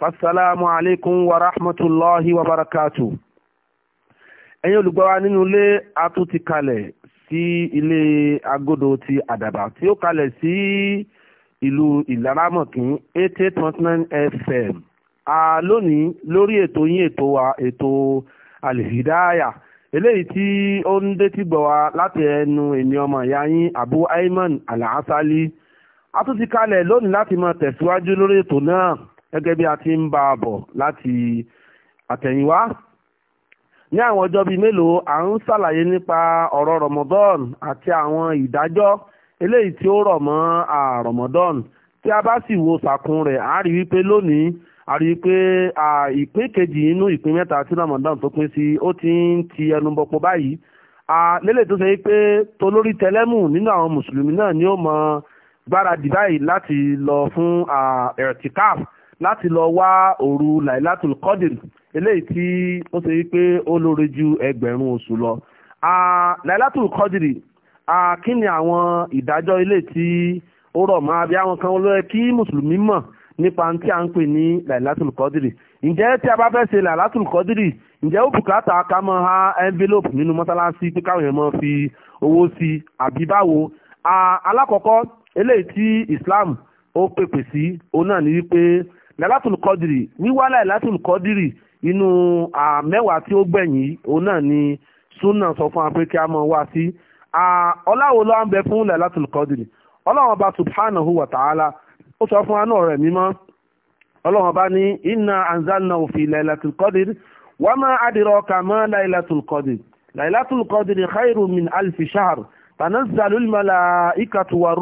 Fassalamu alaikum wa rahmatullahi wa barakatuh. Ẹ̀yin olùgbọ́ wa nínú ilé a tún ti kalẹ̀ sí ilé agodo ti Àdàbà tí ó kalẹ̀ sí ìlú Ìlaramọ̀kín 88.9 FM. A lónìí lórí ètò yín ètò wa ètò Al-Hidayah. Eléyìí tí ó ń détí gbọ̀ wá láti ẹnu èmi ọmọ ìyá yín Abu Ayman al A tún ti kalẹ̀ lónìí láti máa tẹ̀síwájú lórí ètò náà gẹ́gẹ́ bí a ti ń bá a bọ̀ láti àtẹ̀yìnwá ní àwọn ọjọ́ bíi mélòó à ń ṣàlàyé nípa ọ̀rọ̀ Ramadan àti àwọn ìdájọ́ eléyìí tí ó rọ̀ mọ́ Ramadan tí a bá sì wo sàkún rẹ̀ a rí wípé lónìí a rí wípé ìpín kejì inú ìpín mẹ́ta tí Ramadan tó pín sí ó ti ń ti ẹnu bọpọ báyìí lélẹ̀ tó ṣe pé tolórí tẹlẹ́mù nínú àwọn mùsùlùmí náà ni ó mọ gbáradì báyìí láti lọ fún ẹ̀rtikaf láti lọ wá òru lailatul qadr eléyìí tí ó ṣe wípé ó lóore ju ẹgbẹ̀rún oṣù lọ lailatul qadr kí ni àwọn ìdájọ́ ilé tí ó rọ̀ mọ́ àbí àwọn kan ló yẹ kí mùsùlùmí mọ̀ nípa tí a ń pè ní lailatul qadr ǹjẹ́ tí a bá fẹ́ ṣe lailatul qadr ǹjẹ́ ó bùkátà ká mọ́ ha envelope nínú mọ́sálásí pé káwọn èèyàn mọ́ fi owó sí àbí báwo alákọ̀ọ́kọ́ eléyìí tí Islam ó pèpè sí òun náà ní wípé lẹ́látùlù kọ́dìrì wíwálà lẹ́látùlù kọ́dìrì inú mẹ́wàá tí ó gbẹ̀yìn yìí òun náà ni súnà sọ fún wa pé kí a mọ̀ wá sí ọláwo ló ń bẹ fún lẹ́látùlù kọ́dìrì ọlọ́run ọba subhanahu wa ta'ala ó sọ fún wa rẹ̀ mímọ́ ọlọ́run ọba ní inna anzalna fi lẹ́látùlù kọ́dìrì wa ma adraka ma lẹ́látùlù kọ́dìrì lẹ́látùlù min alfi shahr tanazzalu al-mala'ikatu war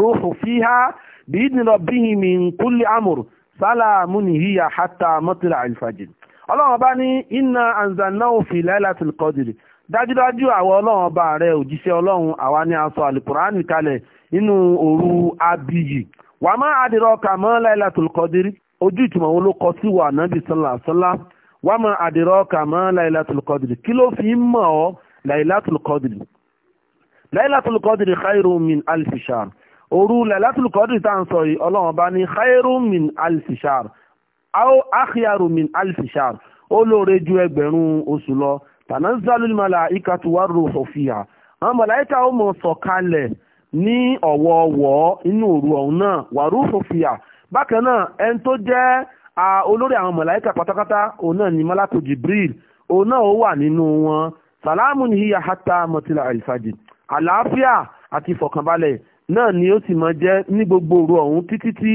bi idni rabbihim min kulli amr sálàmù nìyíyà hátà mọ́tìlá àlìfàjì ọlọ́run bá ní iná anzanahu fi lailatul qadr dájúdájú àwa ọlọ́run ọba rẹ òjíṣẹ́ ọlọ́run àwa ni a sọ àlùkùránì kalẹ̀ nínú òru abiyì wà má àdìrọ́kà mọ́ lailatul qadr ojú ìtumọ̀ wo ló kọ sí wa nábì sallallahu alaihi wà má àdìrọ́kà mọ́ lailatul qadr kí ló fi ń mọ̀ ọ́ lailatul qadr lailatul qadr khairun min alfi òru lẹ́lẹ́tùlù kọ́dù tá à ń sọ yìí ọlọ́run bá ní khairu min alfishar aw akhyaru min alfishar ó lóore ju ẹgbẹ̀rún oṣù lọ tanazzalul malaikatu warruhu fiha àwọn màláìka ó mọ̀ sọ̀kalẹ̀ ní ọ̀wọ̀ọ̀wọ̀ inú òru ọ̀hún náà warruhu fiha bákan náà ẹni tó jẹ́ olórí àwọn màláìka pátápátá òun náà ni malako jibril òun náà ó wà nínú wọn salamun hiya hatta matla alfajr àlàáfíà àti ìfọ̀kànbalẹ̀ náà ni ó sì máa jẹ́ ní gbogbo òru ọ̀hún títí tí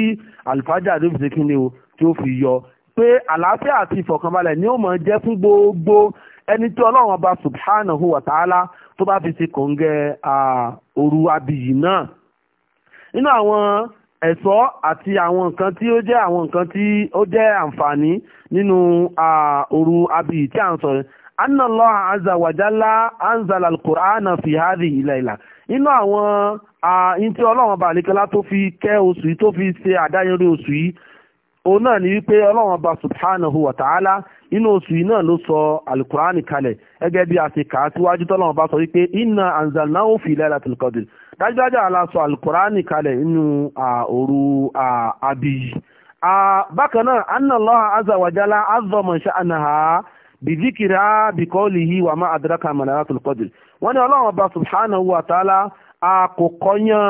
àlùfáàjà ló fi ṣe kí ni o tí ó fi yọ pé àlàáfíà àti ìfọ̀kànbalẹ̀ ni ó máa jẹ́ fún gbogbo ẹni tí ọlọ́run ọba subhanahu wa ta'ala tó bá fi ṣe kòǹgẹ́ òru abiyì náà nínú àwọn ẹ̀ṣọ́ àti àwọn nǹkan tí ó jẹ́ àwọn nǹkan tí ó jẹ́ àǹfààní nínú òru abiyì tí à ń sọ anna allah azza wa jalla anzala alqur'ana fi hadhihi layla inú àwọn in tí ọlọ́run ọba àlékẹ́lá tó fi kẹ́ oṣù yìí tó fi ṣe àdáyẹrí oṣù yìí òun náà ni wípé ọlọ́run ọba subhanahu wa ta'ala inú oṣù yìí náà ló sọ alukur'ani kalẹ̀ gẹ́gẹ́ bí a ṣe kà á síwájú tọ́lọ́run ọba sọ wípé inna anzalnahu fi laylatil qadr dájúdájú àlá sọ alukur'ani kalẹ̀ inú òru abiy bákan náà anna allah azza wa jalla azza man sha'naha bìdíkìrá bìkọ́lìhì wà má àdúrákà màláyàtul qadr wọ́n ní ọlọ́run ọba subhanahu wa ta'ala àkókọ́yán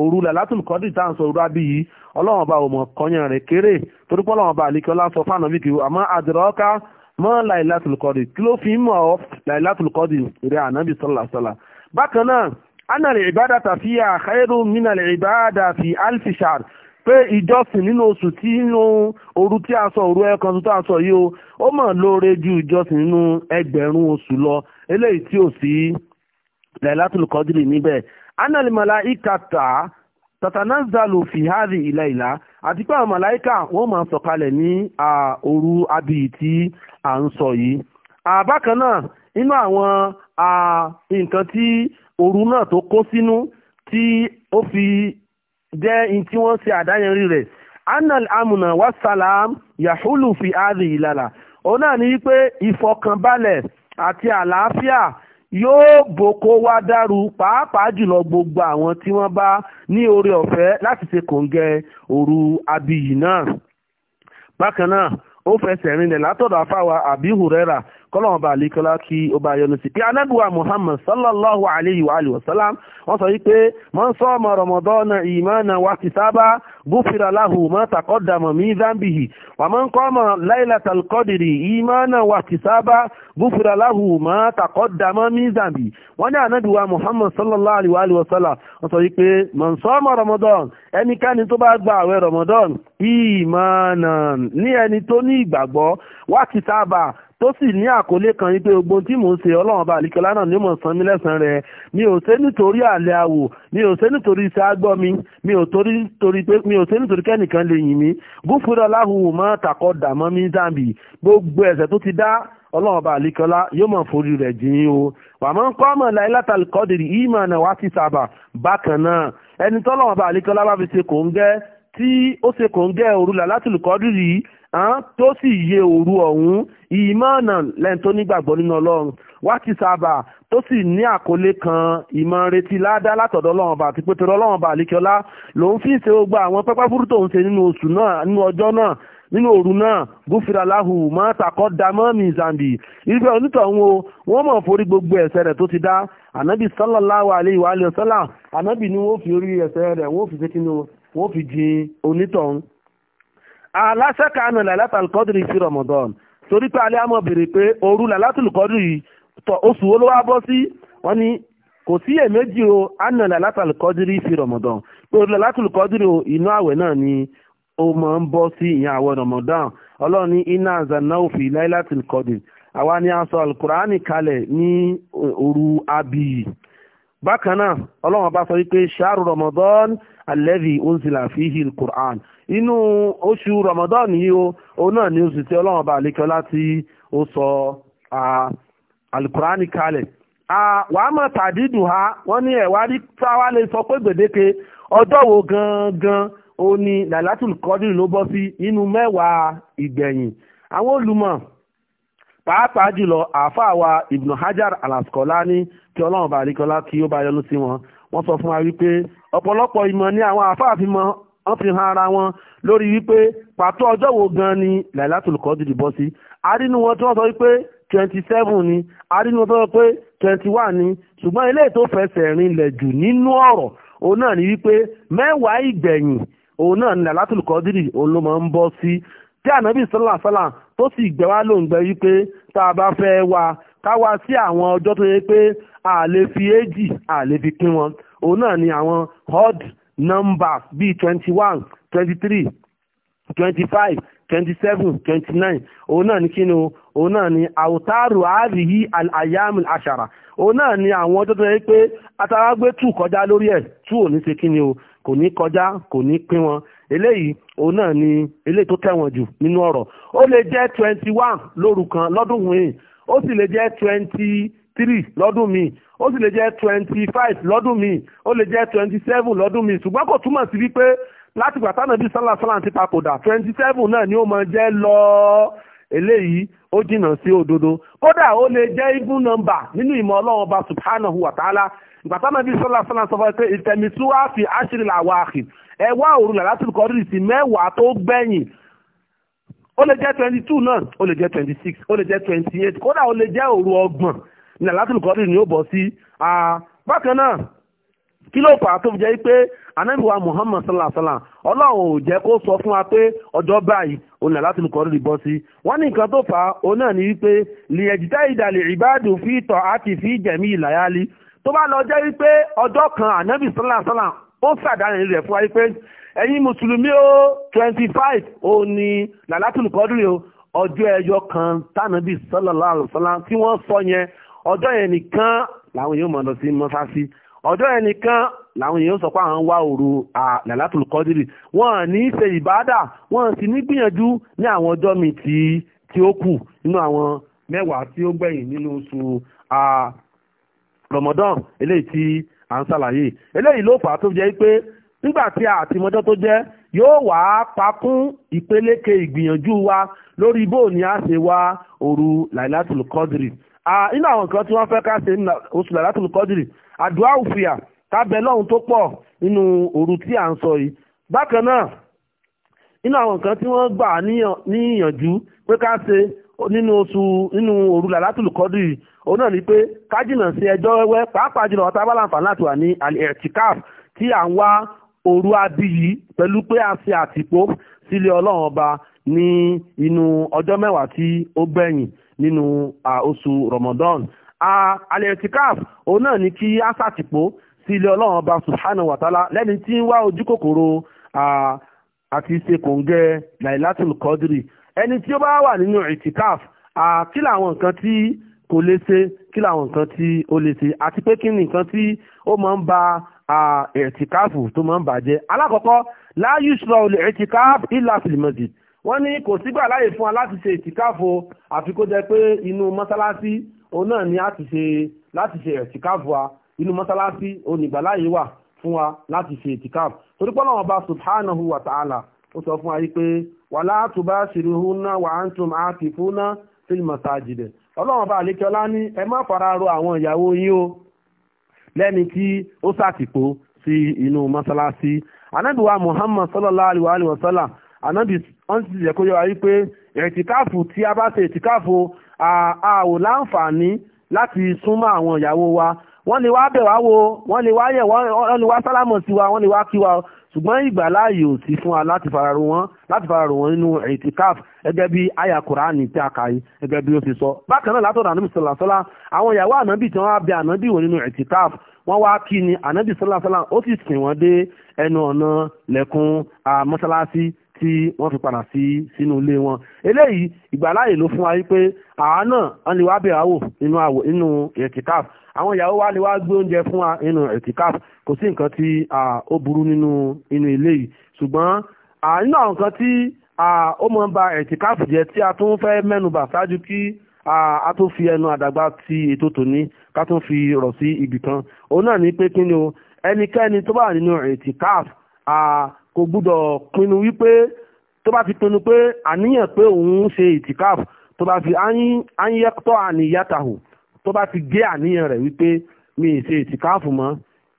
òru làlátùl qadr tá à ń sọ òru abí yìí ọlọ́run ọba ò mọ̀ kọ́yán rẹ̀ kéré torí pé ọlọ́run ọba àlekí ọlá sọ fáànà wíkì àmọ́ àdúrákà mọ́ làlátùl qadr kí ló fi mọ̀ ọ́ làlátùl qadr rẹ̀ ànábì sallallahu alaihi pé ìjọsìn nínú oṣù tí oru tí a sọ òru ẹ̀kan tó sọ yìí o ó mọ̀ lóore ju ìjọsìn nínú ẹgbẹ̀rún oṣù lọ eléyìí tí ò sí Lailatul Qadri níbẹ̀ anali malaikata tatanazalu fihari ilaila àti pé àwọn màláìka wọ́n máa sọ̀kalẹ̀ ní abiyì tí ń sọ yìí àbákan náà inú àwọn nǹkan jẹ́ in tí wọ́n ṣe àdáyẹnrí rẹ̀ anal amuna wasalam yahulu fi adi ilala òun náà ní wípé ìfọkànbalẹ̀ àti àlàáfíà yóò boko wá dàrú pàápàá jùlọ gbogbo àwọn tí wọ́n bá ní oore ọ̀fẹ́ láti ṣe kòǹgẹ́ òru abiyì náà bákan náà ó fẹsẹ̀ rinlẹ̀ látọ̀dọ̀ afáwa àbí hùrẹ́rà kọ́lọ́wọ́n bá àlékọ́lá kí ó bá yọnu sí pé anábùwà muhammad sallallahu alayhi wa alihi wa sallam wọ́n sọ wípé man sama ramadana imana wa tisaba gufira lahu ma taqaddama min dhanbihi wa man qama laylatal qadri imana wa tisaba gufira lahu ma taqaddama min dhanbihi wọ́n ní anábùwà muhammad sallallahu alayhi wa sallam wọ́n sọ wípé man sama ramadan ẹnikẹ́ni tó sì ní àkọlé kan yìí pé gbogbo tí mò ń ṣe ọlọ́run ọba àlìkọlá náà ní mò ń san mí lẹ́sàn rẹ̀ mi ò ṣe nítorí àlẹ́ àwò mi ò ṣe nítorí iṣẹ́ àgbọ́ mi mi ò torí pé ṣe nítorí kẹ́nìkan lè yìn mí gúfúrọ́ láhùn mọ́ tàkọ́ dàmọ́ mi zambi gbogbo ẹ̀ṣẹ̀ tó ti dá ọlọ́run ọba àlìkọlá yóò mọ̀ forí rẹ̀ jìn o wàmọ́ ń kọ́ mọ̀ láyé látàlí kọ́dìrì ìmọ̀ náà wá sí sábà bákan náà ẹni tọ́lọ́run ọba àlìkọlá bá fi ṣe kò ń gẹ́ tí ó ṣe kò ń gẹ́ òru làlátùlù kọ́dù yìí tó sì yẹ òru ọ̀hún ìmọ̀ọ̀nà lẹ́yìn tó nígbàgbọ́ nínú ọlọ́run wá ti sábà tó sì ní àkọlé kan ìmọ̀ retí ládá látọ̀dọ̀ ọlọ́run ọba àti pété ọlọ́run ọba àlekíọlá lòun fi ń ṣe gbogbo àwọn pẹ́pẹ́ burú tó ń ṣe nínú oṣù náà nínú ọjọ́ náà nínú òru náà gúfìrà láhù máa tàkọ́ da mọ́ọ̀mì zambi irúfẹ́ onítọ̀hún o wọ́n mọ̀ forí gbogbo ẹ̀ṣẹ̀ rẹ̀ tó ti dá ànábì sallallahu alaihi wa sallam ànábì ni wọ́n fi orí ẹ̀ṣẹ̀ rẹ̀ wọ́n fi ṣe kí ni o wọ́n fi jin onítọ̀hún. aláṣẹ kanu làlátà lùkọ́dìrì sí Ramadan torí pé alẹ́ àmọ́ béèrè pé òru làlátà lùkọ́dìrì oṣù wo ló wá bọ́ sí wọ́n ní kò sí èméjì o àna làlátà lùkọ́dìrì sí Ramadan pé òru làlátà lùkọ́dìrì inú àwẹ̀ náà ni ó máa ń bọ́ sí ìyẹn àwẹ̀ Ramadan ọlọ́run ní iná zanaufi láìláti lùkọ́dìrì àwa ni a sọ alukur'ani kalẹ̀ ní òru abiyi bákan náà ọlọ́run bá sọ wípé ṣáàrù Ramadan alẹ́bí ounzila fihi quran inú oṣù ramadan yìí o òun náà ni oṣù tí ọlọ́run ọba àlekẹ́ láti ó sọ alukurani kalẹ̀ wàá mọ̀ tàdídùn ha wọ́n ní ẹ̀wádìí táwa lè sọ pé gbèdéke ọjọ́ wo gangan ó ní làlátùl kọ́dìrì ló bọ́ sí inú mẹ́wàá ìgbẹ̀yìn àwọn olùmọ̀ pàápàá jùlọ àáfàá wa ibnu hajar alaskolani kí ọlọ́run ọba àlekẹ́ láti ó bá yọ́nú sí wọn wọ́n sọ fún wa wípé ọ̀pọ̀lọpọ̀ ìmọ̀ ni àwọn àfáàfin mọ̀ wọ́n fi hàn ara wọn lórí wípé pàtó ọjọ́ wo gan ni lailatul qadr bọ́ sí arínú wọn tí wọ́n sọ wípé twenty seven ni arínú wọn tí wọ́n sọ pé twenty one ni ṣùgbọ́n eléyìí tó fẹsẹ̀ rinlẹ̀ jù nínú ọ̀rọ̀ òun náà ni wípé mẹ́wàá ìgbẹ̀yìn òun náà ni lailatul qadr òun ló máa ń bọ́ sí tí ànábì sọ́là sọ́là tó sì gbẹ wá lóǹgbẹ wípé tá a bá fẹ́ wá ká wá sí àwọn ọjọ́ tó yẹ pé àlè fi éjì àlè fi pín wọn òun náà ni àwọn odd numbers bíi twenty one twenty three twenty five twenty seven twenty nine òun náà ni kíni o òun náà ni àwòtáàrò àríyí àyàmù àṣàrà òun náà ni àwọn tó tẹ́lẹ̀ pé atarágbé tù kọjá lórí ẹ̀ tù ò ní ṣe kíni o kò ní kọjá kò ní pín wọn eléyìí òun náà ni eléyìí tó tẹ̀wọ̀n jù nínú ọ̀rọ̀ ó lè jẹ́ twenty one lóru kan lọ́dún wìn ó sì lè jẹ́ twenty three lọ́dún mi. ó sì lè jẹ́ twenty five lọ́dún mi. ó lè jẹ́ twenty seven lọ́dún mi. ṣùgbọ́n kò túmọ̀ sí wípé láti gbà tánà bí sálà sálà ti papòdà twenty seven náà ni ó máa jẹ́ lọ eléyìí ó jìnnà sí òdodo kódà ó lè jẹ́ even number nínú ìmọ̀ ọlọ́run ọba subhanahu wa ta'ala ìgbà tánà bí sálà sálà sọ pé ìtẹ̀mísúwá fi àṣírí làwọn àkì ẹ wá òrùlà láti kọrí sí mẹ́wàá tó gbẹ̀yìn ó lè jẹ́ twenty two náà ó lè jẹ́ twenty six ó lè jẹ́ twenty eight kódà ó lè jẹ́ òru ọgbọ̀n ní àlátùlù kọ́dì ni ó bọ̀ sí bákan náà kí ló fà tó fi jẹ́ pé anábìwá muhammad sallallahu alaihi wasallam ọlọ́run ò jẹ́ kó sọ fún wa pé ọjọ́ báyìí òun là láti lùkọ́ lórí bọ́ sí wọ́n ní nǹkan tó fà á òun náà ní wípé lìyẹ̀jìtá ìdàlẹ̀ ìbádùn fi tọ̀ àti fi jẹ̀mí ìlàyálí tó bá lọ jẹ́ wípé ọjọ́ kan anábì sallallahu ó sàdánù rẹ̀ fún wa wípé ẹ̀yin mùsùlùmí ó twenty five òun ni là láti lùkọ́ lórí ọjọ́ ẹyọ kan tánàbì sallallahu alaihi tí wọ́n sọ yẹn ọjọ́ yẹn nìkan làwọn èèyàn mọ̀ lọ sí mọ́sáàsì ọjọ́ yẹn nìkan làwọn èèyàn sọ pé àwọn ń wá òru làlátùlù kọ́dìrì wọ́n ní í ṣe ìbádà wọ́n sì ní gbìyànjú ní àwọn ọjọ́ mi tí tí ó kù nínú àwọn mẹ́wàá tí ó gbẹ̀yìn nínú oṣù Ramadan eléyìí tí à ń ṣàlàyé eléyìí ló fà á tó jẹ́ pé nígbà tí àtìmọ́jọ́ tó jẹ́ yóò wá pakún ìpeléke ìgbìyànjú wa lórí bóòní àṣewá òru làlátùlù kọ́dìrì inú àwọn nǹkan tí wọ́n fẹ́ ká ṣe oṣù làlátùlù kọ́dìrì àdúrà òfìyà tábẹ́ lọ́hùn tó pọ̀ nínú òru tí à ń sọ yìí bákan náà inú àwọn nǹkan tí wọ́n gbà níyànjú pé ká ṣe nínú oṣù nínú òru làlátùlù kọ́dìrì òun náà ni pé ká jìnnà sí ẹjọ́ wẹ́wẹ́ pàápàá jùlọ ọ̀tá bá láti wà ní al tí à ń wá òru abiyì pẹ̀lú pé a ṣe àtìpó sílé ọlọ́run ọba ní inú ọjọ́ mẹ́wàá tí ó gbẹ̀yìn nínú oṣù Ramadan al òun náà ni kí a ṣàtìpó sí ilé ọlọ́run ọba subhanahu wa ta'ala lẹ́ni tí ń wá ojú kòkòrò àti ṣe kòǹgẹ́ lailatul qadri ẹni tí ó bá wà nínú i'tikaf kí làwọn nǹkan tí kò lè ṣe kí làwọn nǹkan tí ó lè ṣe àti pé kí ni nǹkan tí ó máa ń ba i'tikaf tó máa ń bàjẹ́ alákọ̀ọ́kọ́ la yushra al-i'tikaf illa fil wọ́n ní kò sígbà láyè fún wa láti ṣe ìtìkáfò àfi kó jẹ́ pé inú mọ́sálásí òun náà ni a ti ṣe láti ṣe ìtìkáfò wa inú mọ́sálásí onígbà láyè wà fún wa láti ṣe ìtìkáfò torí pé Ọba subhanahu wa ta'ala ó sọ fún wa yí pé wala tubashiruhunna wa antum akifuna fil masajid Ọlọ́run Ọba àlékẹ́ọ́lá ní ẹ má fara ro àwọn ìyàwó yín o lẹ́ni tí ó sàtìpó sí inú mọ́sálásí anábìwá Muhammad sallallahu alaihi wa sallam ànábì wọ́n sì yẹ kó yọ ayé pé ẹ̀tìkáàfù tí a bá ṣe ẹ̀tìkáàfù a ò láǹfààní láti súnmọ́ àwọn ìyàwó wa wọ́n lè wá bẹ̀ wá wo wọ́n lè wá yẹ̀ wọ́n lè wá sálámọ̀ sí wa wọ́n lè wá kí wa ṣùgbọ́n ìgbà láàyè ò sí fún wa láti fararò wọ́n láti fararò wọ́n nínú ẹ̀tìkáàf gẹ́gẹ́ bí àyà kùránì tí a kà yìí gẹ́gẹ́ bí ó ṣe sọ bákan náà látọ̀dọ̀ ànábì sọlá sọlá àwọn ìyàwó ànábì tí wọ́n á bẹ ànábì wò nínú ẹ̀tìkáàf wọ́n wá kí ni ànábì sọlá sọlá ó sì sìn wọ́n dé ẹnu ọ̀nà lẹ́kùn mọ́ṣáláṣí tí wọ́n fi padà sí sínú ilé wọn eléyìí ìgbàláyè ló fún wa wípé àwa náà wọ́n lè wá bẹ̀rẹ̀ àwò nínú àwò nínú etikaf àwọn ìyàwó wa lè wá gbé oúnjẹ fún wa nínú etikaf kò sí nǹkan tí ó burú nínú inú ilé yìí ṣùgbọ́n nínú àwọn nǹkan tí ó mọ̀ ń ba etikaf jẹ́ tí a tún fẹ́ mẹ́nubà ṣáájú kí a tún fi ẹnu àdàgbà ti ètò tòní ká tún fi rọ̀ sí ibì kan òun náà ní pé kí ni o ẹnikẹ́ni tó bá nínú etikaf kò gbúdọ̀ pinnu wípé tó bá fi pinnu pé àníyàn pé òun ṣe ìtìkáàfù tó bá fi ányẹ́tọ́ àníyàtàhù tó bá fi gé àníyàn rẹ̀ wípé mi ì ṣe ìtìkáàfù mọ́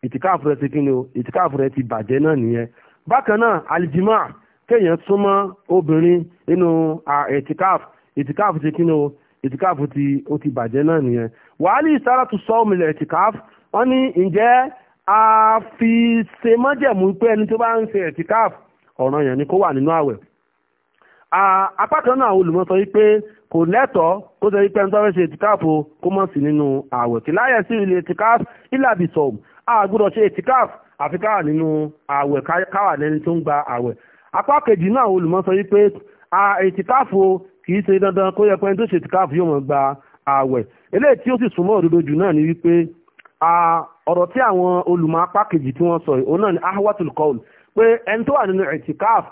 ìtìkáàfù rẹ̀ ti kí ni o ìtìkáàfù rẹ̀ ti bàjẹ́ náà nìyẹn bákan náà alìjìmá kéèyàn súnmọ́ obìnrin nínú ìtìkáàfù ìtìkáàfù ti kí ni o ìtìkáàfù ti bàjẹ́ náà nìyẹn wàhálì ìsára tún sọ òmìnira ìtìkáàfù a fi ṣe mọ́jẹ̀mú pé ẹni tó bá ń ṣe ẹ̀tíkáf ọ̀ràn yẹn ni kó wà nínú àwẹ̀ apá kan náà àwọn olùmọ̀ sọ wípé kò lẹ́tọ̀ọ́ kó sọ wípé ẹni tó fẹ́ ṣe ẹ̀tíkáf o kó mọ̀ sí nínú àwẹ̀ kì láyẹ̀ sí ilé ẹ̀tíkáf ìlàbìsọ̀m a gbọ́dọ̀ ṣe ẹ̀tíkáf àfi káwà nínú àwẹ̀ káwà lẹ́ni tó ń gba àwẹ̀ apá kejì náà àwọn olùmọ̀ sọ wípé ọ̀rọ̀ tí àwọn olùmọ̀ apá kejì tí wọ́n sọ yìí òun náà ni ahwatul qawl pé ẹni tó wà nínú itikaf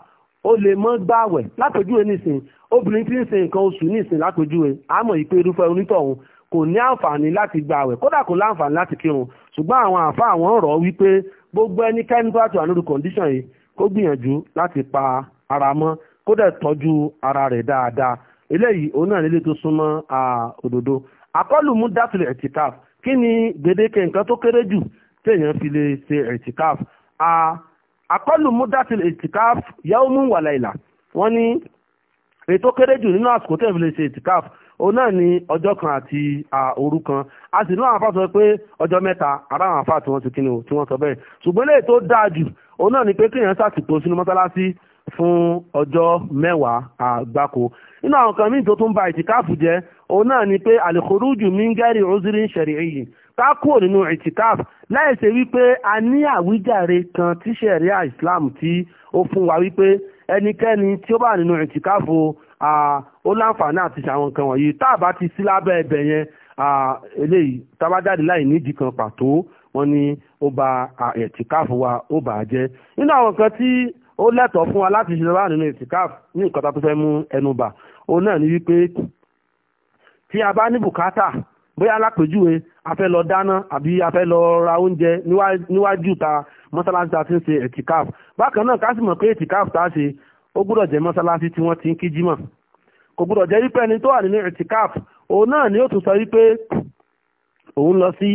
ó lè mọ́ gbààwẹ̀ lápèjúwe nísìn obìnrin tí ń ṣe nǹkan oṣù nísìn lápèjúwe àmọ́ ìpè irúfẹ́ onítọ̀hún kò ní àǹfààní láti gbààwẹ̀ kódà kò láǹfààní láti kírun ṣùgbọ́n àwọn àfa àwọn rọ̀ wípé gbogbo ẹnikẹ́ni tó àti wà nínú kọ̀ǹdíṣàn yìí kó gbìyànjú láti pa ara mọ́ kódà tọ́jú ara rẹ̀ dáadáa eléyìí òun náà nílé tó súnmọ́ òdodo àkọlù mú dátìlẹ̀ itikaf kí ni gbèdéke nǹkan tó kéré jù téèyàn fi lè ṣe ẹ̀tìkáf a akọlù múdàtìl ẹ̀tìkáf yawmun wa layla wọ́n ní ètò kéré jù nínú àsìkò téèyàn fi lè ṣe ẹ̀tìkáf òun náà ni ọjọ́ kan àti òru kan a sì ní àwọn àfáà sọ pé ọjọ́ mẹ́ta ara àwọn àfáà tí wọ́n ti kíni tí wọ́n sọ bẹ́ẹ̀ ṣùgbọ́n lè tó dáa jù òun náà ni pé kéèyàn sàtìpó sínú mọ́sálásí fún ọjọ́ mẹ́wàá àgbáko nínú àwọn kan míì tó tún ba ìtìkáàfù jẹ́ òun náà ni pé àlèkòrújù mi ń gẹ́rì òzírí ń ṣẹ̀rí yìí ká kúrò nínú ìtìkáàfù láìsẹ̀ wípé a ní àwíjàre kan tí ṣẹ̀ríà Islam tí ó fún wa wípé ẹnikẹ́ni tí ó bá nínú ìtìkáàfù ó láǹfààní àti ṣàwọn nǹkan wọ̀nyí tá a bá ti sí lábẹ́ ẹbẹ̀ yẹn eléyìí tá láì nídìí kan pàtó wọn ni ó ba ìtìkáàfù wa ó bà á jẹ́ nínú àwọn kan tí ó lẹ́tọ̀ọ́ fún wa láti ṣe wá nínú ìtìkáf ní nǹkan tó fẹ́ mú ẹnu bà òun náà ni wípé tí a bá ní bùkátà bóyá alápèjúwe a fẹ́ lọ dáná àbí a fẹ́ lọ ra oúnjẹ níwájú ta mọ́sálásí ta ti ń ṣe ìtìkáf bákan náà ká sì mọ̀ pé ìtìkáf tá a ṣe ó gbúdọ̀ jẹ́ mọ́sálásí tí wọ́n ti ń kí jímọ̀ kò gbúdọ̀ jẹ́ wípé ẹni tó wà nínú ìtìkáf òun náà ni ó tún sọ wípé òun lọ sí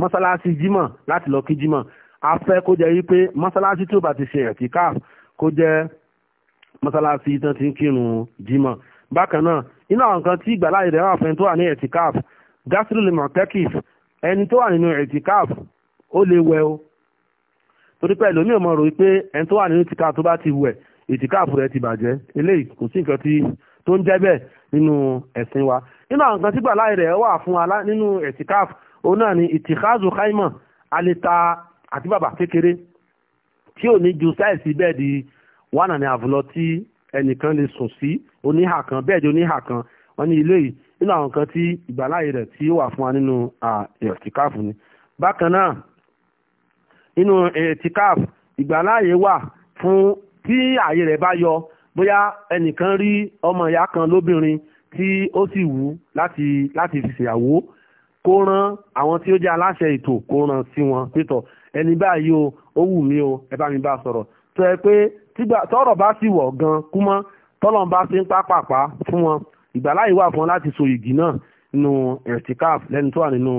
mọ́sálásí jímọ̀ láti lọ kí jímọ̀ a fẹ́ kó jẹ́ wípé mọ́sálásí tí ó bá ti ṣe ìtìkáf kó jẹ́ mọ́sálásí tán ti ń kírun jímọ̀ bákan náà iná àwọn nǹkan tí ìgbàláyè rẹ̀ wà fẹ́ tó wà ní etikaf gastrolim ẹni tó wà nínú etikaf ó lè wẹ̀ o torí pé ẹlòmíì ò mọ̀ rò pé ẹni tó wà nínú etikaf tó bá ti wẹ̀ etikaf rẹ̀ ti bàjẹ́ eléyìí kò sí nǹkan tó ń jẹ́ bẹ́ẹ̀ nínú ẹ̀sìn wa nínú àwọn nǹkan tí ìgbàláyè rẹ̀ wà fún wa nínú etikaf òun náà ni ìtìkáàzù káìmọ̀ alita àti bàbà kékeré tí ò ní ju sáìsì bẹ́ẹ̀dì one and a half lọ tí ẹnìkan lè sùn sí oníhà kan bẹ́ẹ̀dì oníhà kan wọ́n ní ilé yìí nínú àwọn nǹkan tí ìgbàláyè rẹ̀ tí ó wà fún wa nínú ẹ̀tìkáàfù ni. bákan náà nínú ẹ̀tìkáàfù ìgbàláyè wà fún tí àyè rẹ̀ bá yọ bóyá ẹnìkan rí ọmọ ìyá kan lóbìnrin tí ó sì wù láti fi ṣèyàwó kó rán àwọn tí ó jẹ́ aláṣẹ ètò kó rán sí wọn pétọ̀ ẹni báyìí o ó wù mí o ẹ bá mi bá sọ̀rọ̀ tó yẹ pé tọ́rọ̀ bá sì wọ̀ gan kúmọ́ tọ́lọ̀ bá sí ń pápápá fún wọn ìgbàláyè wà fún láti so ìgì náà nínú ẹ̀rtìkáf lẹ́ni tó wà nínú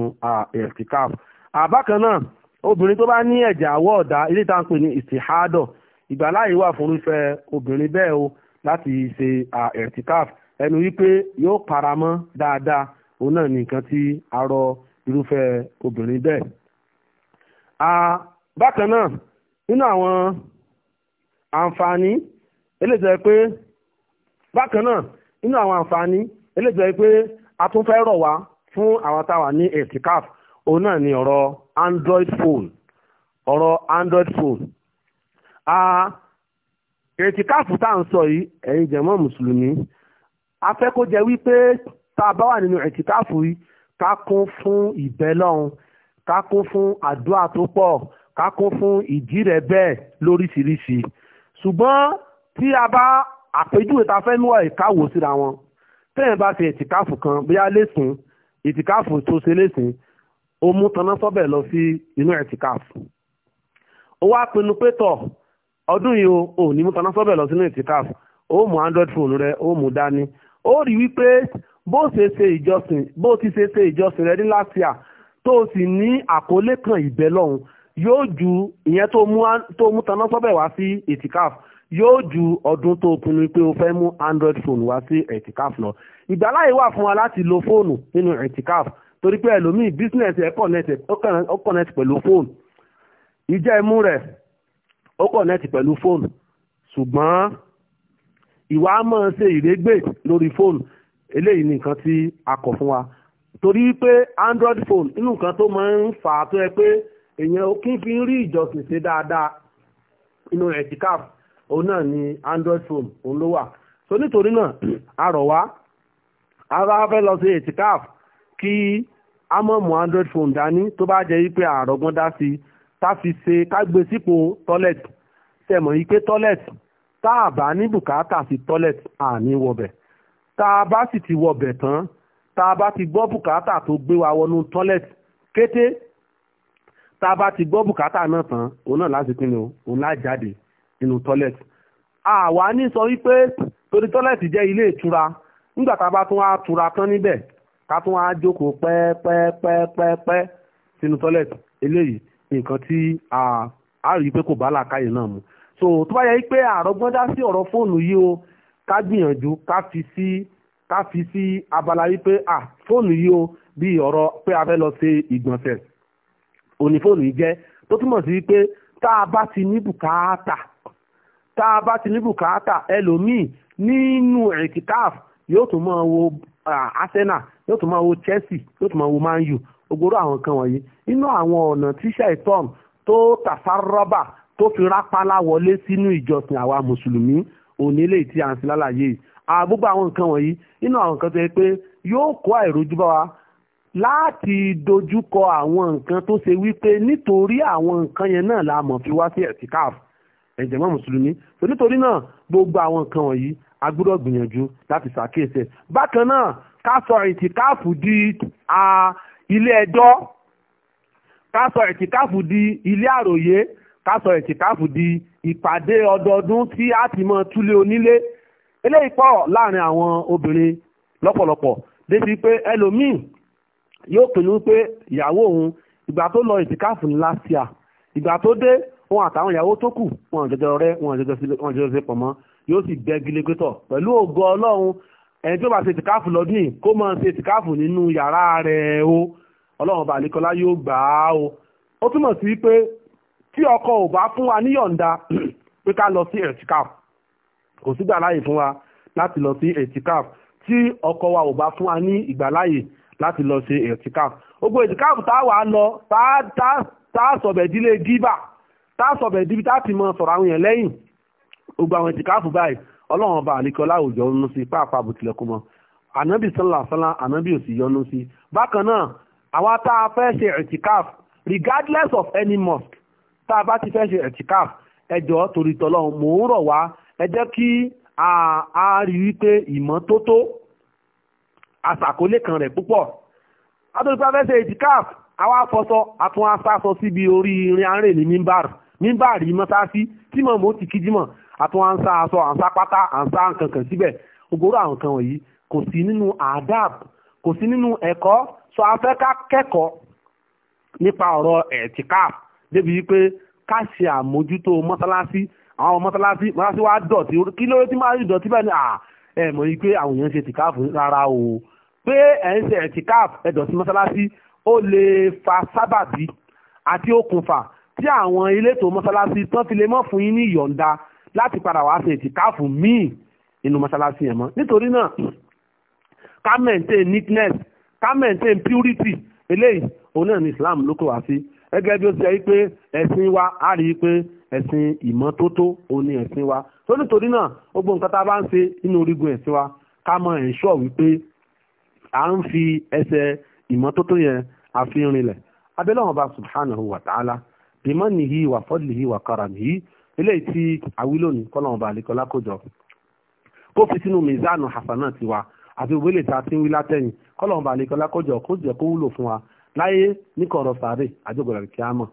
ẹ̀rtìkáf àbákan náà obìnrin tó bá ní ẹ̀jẹ̀ àwọ̀ ọ̀dà ilé tá à ń pè ní ìsìhádọ̀ ìgbàláyè wà fún irúfẹ́ obìnrin bẹ́ẹ̀ o láti ṣe ẹ̀rtìkáf ẹnu wípé yóò paramọ́ dáadáa òun náà ní nǹkan tí a rọ irúfẹ́ obìnrin bẹ́ẹ̀. bákan náà nínú àwọn àǹfààní eléyìí tó yẹ pé bákan náà nínú àwọn àǹfààní eléyìí pé a tún fẹ́ rọ̀ wá fún àwọn táwa ní etikaf òun náà ní ọ̀rọ̀ android phone ọ̀rọ̀ android phone etikaf tá à ń sọ yìí ẹ̀yin jẹ̀mọ́ mùsùlùmí a fẹ́ kó jẹ́ wípé tá a bá wà nínú ẹ̀tìkáàfù yìí ká kún fún ìbẹ́lọ́hún ká kún fún àdúrà tó pọ̀ ká kún fún ìdí rẹ̀ bẹ́ẹ̀ lóríṣiríṣi ṣùgbọ́n tí a bá àpèjúwe ta fẹ́ níwọ̀ ìkáwò síra wọn tẹ́yìn bá ṣe ẹ̀tìkáàfù kan bóyá lẹ́sìn ẹ̀tìkáàfù tó ṣe lẹ́sìn ó mú taná sọ́bẹ̀ lọ sí inú ẹ̀tìkáàfù ó wá pinnu pé tọ̀ ọdún yìí ò ní mú taná sọ́bẹ̀ lọ sínú ẹ̀tìkáàfù ó mú android phone rẹ ó mú dání ó rí wípé bó ṣe ṣe ìjọsìn bó ti ṣe ṣe ìjọsìn rẹ ní last year tó o sì ní àkọlé kan ìbẹ́ lọ́hùn yóò ju ìyẹn tó mú taná sọ́bẹ̀ wá sí etikaf yóò ju ọdún tó pinnu pé o fẹ́ mú android phone wá sí etikaf lọ ìgbàláyè wà fún wa láti lo fóònù nínú etikaf torí pé ẹlòmíì business ẹ connect ó connect pẹ̀lú fóònù ìjẹ́ imú rẹ̀ ó connect pẹ̀lú fóònù ṣùgbọ́n ìwà máa ń ṣe ìrégbè lórí fóònù eléyìí ni nǹkan tí a kọ̀ fún wa torí pé android phone inú nǹkan tó máa ń fà á tó yẹ pé èèyàn ò kí n fi rí ìjọsìn ṣe dáadáa inú etikaf òun náà ni android phone òun ló wà so nítorí náà a rọ̀ wá ara fẹ́ lọ sí etikaf kí a mọ̀ mú android phone dání tó bá jẹ́ wípé àrọ̀gbọ́n dá sí i fi ṣe ká gbé sípò toilet tẹ̀mọ̀ yìí pé toilet tá a bá ní bùkátà sí toilet àní wọbẹ̀ tá a bá sì ti wọbẹ̀ tán tá a bá ti gbọ́ bùkátà tó gbé wa wọnú tọ́lẹ̀tì kété tá a bá ti gbọ́ bùkátà náà tán òun náà láti pinnu òun láti jáde nínú tọ́lẹ̀tì àwa ní sọ wípé torí tọ́lẹ̀tì jẹ́ ilé ìtura nígbà tá a bá tún wá tura tán níbẹ̀ ká tún wá jókòó pẹ́ẹ́pẹ́ẹ́pẹ́ẹ́pẹ́ sínú tọ́lẹ̀tì eléyìí nǹkan tí a rí i pé kò bá làákàyè náà mu so tó bá yẹ pé àrọ́gbọ́n dá sí ọ̀rọ̀ fóònù yìí o ká gbìyànjú ká fi sí ká fi sí abala yìí à fóònù yìí o bí ọ̀rọ̀ pé a fẹ́ lọ ṣe ìgbọ̀nsẹ̀ òní fóònù yìí jẹ́ tó túmọ̀ sí pé tá a bá ti ní bùkátà tá a bá ti ní bùkátà ẹlòmíì nínú ẹ̀kítáàf yóò tún máa wo Arsenal yóò tún máa wo Chelsea yóò tún máa wo Man U ogoro àwọn kan wọ̀nyí inú àwọn ọ̀nà tíṣà ìtọ́m tó tàfárọ́bà tó fi rápálá wọlé sínú ìjọsìn àwa mùsùlùmí òní lè ti à ń fi lálàyé àbúgbà àwọn nǹkan wọ̀nyí nínú àwọn nǹkan tó yẹ pé yóò kó àìrójú bá wa láti dojúkọ àwọn nǹkan tó ṣe wípé nítorí àwọn nǹkan yẹn náà la mọ̀ fi wá sí ẹ̀tíkáf ẹ̀jẹ̀ mọ́ mùsùlùmí so nítorí náà gbogbo àwọn nǹkan wọ̀nyí a gbọ́dọ̀ gbìyànjú láti ṣàkíyèsí ẹ̀ bákan náà ká sọ ẹ̀tíkáf di ilé ẹjọ́ ká sọ ẹ̀tíkáf di ilé àròyé ká sọ ìtìkáàfù di ìpàdé ọdọọdún tí a ti mọ túlé onílé eléyìí pọ̀ láàrin àwọn obìnrin lọ́pọ̀lọpọ̀ débi pé ẹlòmíì yóò pinnu pé ìyàwó òun ìgbà tó lọ ìtìkáàfù ní last year ìgbà tó dé wọn àtàwọn ìyàwó tó kù wọn jọjọ rẹ wọn jọjọ ṣe pọ̀ mọ́ yóò sì gbẹ́gilé pétọ̀ pẹ̀lú ògo ọlọ́run ẹni tó bá ṣe tìkáàfù lọ́dún yìí kó máa ṣe tìkáàfù nínú yàrá rẹ̀ o ọlọ́run ọba àlekọlá yóò gbà á o ó túmọ̀ sí pé tí ọkọ ò bá fún wa níyọ̀ǹda pé ká lọ sí etikaf kò sígbà láàyè fún wa láti lọ sí etikaf tí ọkọ wa ò bá fún wa ní ìgbàláyè láti lọ ṣe etikaf gbogbo etikaf tá a wà lọ tá a sọ̀bẹ̀ dílé gíbà tá a sọ̀bẹ̀ díbi tá a ti mọ sọ̀rọ̀ àwọn yẹn lẹ́yìn gbogbo àwọn etikaf báyìí ọlọ́run ọba àlekọ́ láwùjọ ń sí pàápàá bùtìlẹ̀kùn mọ́ ànábì sọ́là sọ́là ànábì ò sì yọnu sí bákan náà àwọn tá a fẹ́ ṣe etikaf regardless of any mosque tá a bá ti fẹ́ ṣe ẹ̀tìkáf ẹjọ́ torí tọ́lọ́run mò ń rọ̀ wá ẹ jẹ́ kí a rí wípé ìmọ́tótó àṣàkólé kan rẹ̀ púpọ̀ adórípa fẹ́ ṣe ẹ̀tìkáf àwa afọṣọ àtún aṣáṣọ síbi orí irin arìn ní mímbàr mímbàr yìí mọ́sáàsì tí mọ̀ mọ́ ti kíjímọ̀ àtún àǹsá aṣọ àǹsá pátá àǹsá nkankan síbẹ̀ ògbóró àwọn kan wọ̀nyí kò sí nínú adab kò sí nínú ẹ̀kọ́ sọ afẹ́ ká kẹ́kọ̀ọ́ nípa ọ̀rọ̀ ẹ̀tìkáf débi wípé ká ṣe àmójútó mọ́sálásí àwọn mọ́sálásí mọ́sálásí wa dọ̀tí kí ló ti máa ń dọ̀tí bẹ́ẹ̀ ni ẹ mọ̀ yìí pé àwọn èèyàn ṣe tìkáàfù rárá o pé ẹ̀ ń ṣe tìkáàfù ẹ dọ̀tí mọ́sálásí ó lè fa sábàbí àti okùnfà tí àwọn elétò mọ́sálásí tán fi lè mọ́ fún yín ní ìyọ̀ǹda láti padà wá ṣe tìkáàfù míì nínú mọ́sálásí ẹ̀ mọ́ nítorí náà ká maintain neatness ká maintain purity eléyìí òun náà ni Islam ló kó wá sí gẹ́gẹ́ bí ó ti yẹ pé ẹ̀sìn wa á rí i pé ẹ̀sìn ìmọ́tótó òun ni ẹ̀sìn wa tó nítorí náà gbogbo nǹkan tá a bá ń ṣe nínú orígun ẹ̀sìn wa ká mọ ẹ̀ṣọ́ wípé à ń fi ẹsẹ̀ ìmọ́tótó yẹn àfi rinlẹ̀ abẹ́lẹ́wọ̀n bá subhanahu wa ta'ala bimanihi wa fadlihi wa karamihi eléyìí tí awílónì kọ́lọ́wọ̀n bá àlékọ́lá kò jọ kó fi sínú mizanu hasanati wa àti òwe lè ta tí ń wí látẹ̀yìn kọ́lọ́wọ̀n bá àlékọ́lá kò jọ kó jẹ́ kó wúlò fún wa láyé ní kọ̀rọ̀ sàárè àjọgbọ̀rọ̀ kí